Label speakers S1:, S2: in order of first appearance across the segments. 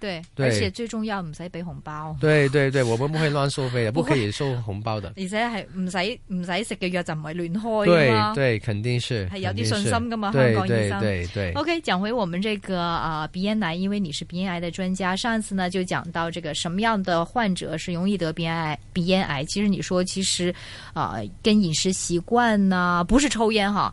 S1: 對，而且
S2: 最重要唔使俾紅包。
S1: 對對對，我們不會亂收費的，不可以收紅包的。
S2: 而且係唔使唔使食嘅藥就唔會亂開。對，對肯定是。係有啲信心
S1: 㗎嘛，香港醫生。對對，對，對 OK，
S2: 講回我們這個啊鼻咽癌，呃、鼻咽癌，因為你是鼻咽癌的專家，上一次呢就講到這個什麼樣的患者是容易得鼻咽癌鼻咽癌。其實你說其實，啊、呃、跟飲食習慣啦、啊，不是抽煙哈。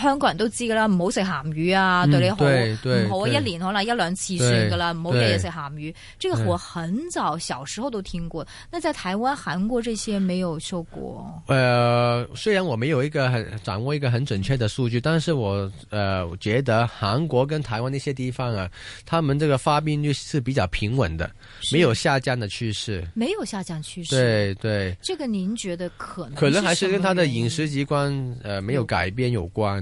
S2: 香港人都知噶啦，唔好食鹹魚啊，嗯、對你好唔好啊？一年可能一兩次算噶啦，唔好日日食鹹魚。這個我很早、嗯、小時候都聽過，那在台灣、韓國這些沒有受過。
S1: 呃，雖然我沒有一個很掌握一個很準確的數據，但是我誒、呃、覺得韓國跟台灣那些地方啊，他們這個發病率是比較平穩的，沒有下降的趨勢，
S2: 沒有下降趨勢。對對，這個您覺得可能是可能還是跟他的
S1: 飲食習慣呃沒有改變有關。嗯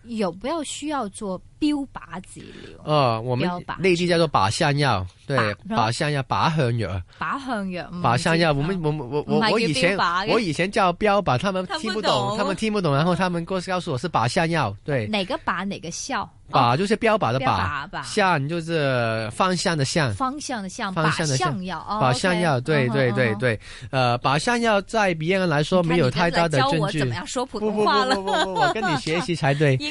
S2: 有，不要需要做標靶子。
S1: 呃，我們內地叫做靶向藥，對靶向藥、靶向藥、靶向藥。
S2: 靶向藥，靶向藥。
S1: 我們我我我我，我，我，我以前我以前叫標靶，他們聽不懂，他們聽不懂。不懂 然後他們過告訴我是靶向藥，對。哪
S2: 個靶哪個效？靶
S1: 就是標靶的靶，向、哦、就是方向的向。
S2: 方向的向，靶向的向靶向藥，
S1: 對對對對。嗯、呃，靶向藥在別人來說沒有太大的證據。
S2: 教我怎麼樣說普通話不不不不不，我跟你學習才對。嗯嗯嗯嗯嗯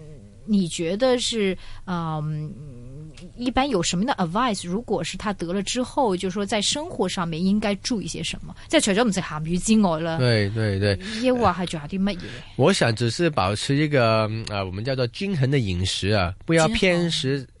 S2: 你覺得是嗯，一般有什麼的 advice？如果是他得了之後，就是、說在生活上面應該注意些什麼？即係除咗唔食鹹魚之外啦
S1: 對對對，
S2: 亦或係仲有啲乜嘢？
S1: 我想只是保持一個啊、呃，我們叫做均衡的飲食啊，不要偏食。嗯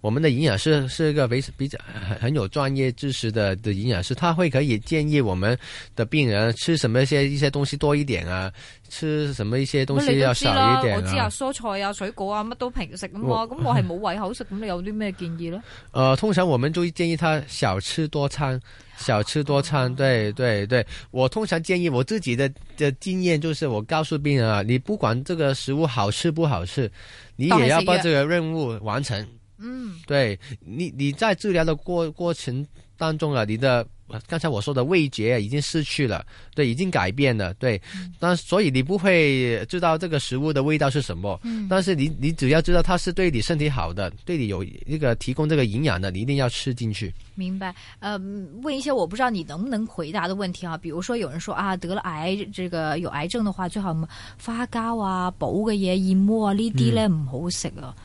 S1: 我們的營養師是一個為比較很很有專業知識的的營養師，他會可以建議我們的病人吃什麼些一些東西多一點啊，吃什麼一些東西要少一點啊。你都知啦，我
S2: 知啊，蔬菜啊、水果啊，乜都平食啊嘛。咁我係冇胃口食，咁你有啲咩建議呢？
S1: 呃，通常我們就建議他少吃多餐，少吃多餐。對對對，對，我通常建議我自己的的經驗就是，我告訴病人啊，你不管這個食物好吃不好吃，你也要把這個任務完成。嗯，對你，你在治療的過過程當中啊，你的剛才我說的味覺已經失去了，對，已經改變了，對。嗯、但所以你不會知道這個食物的味道是什麼。嗯。但是你，你只要知道它是對你身體好的，嗯、對你有那個提供這個營養的，你一定要吃進去。
S2: 明白。呃、嗯，問一些我不知道你能不能回答的問題啊，比如說有人說啊，得了癌，這個有癌症的話，最好花膠啊、補嘅嘢、燕窩啊呢啲呢，唔好食啊。嗯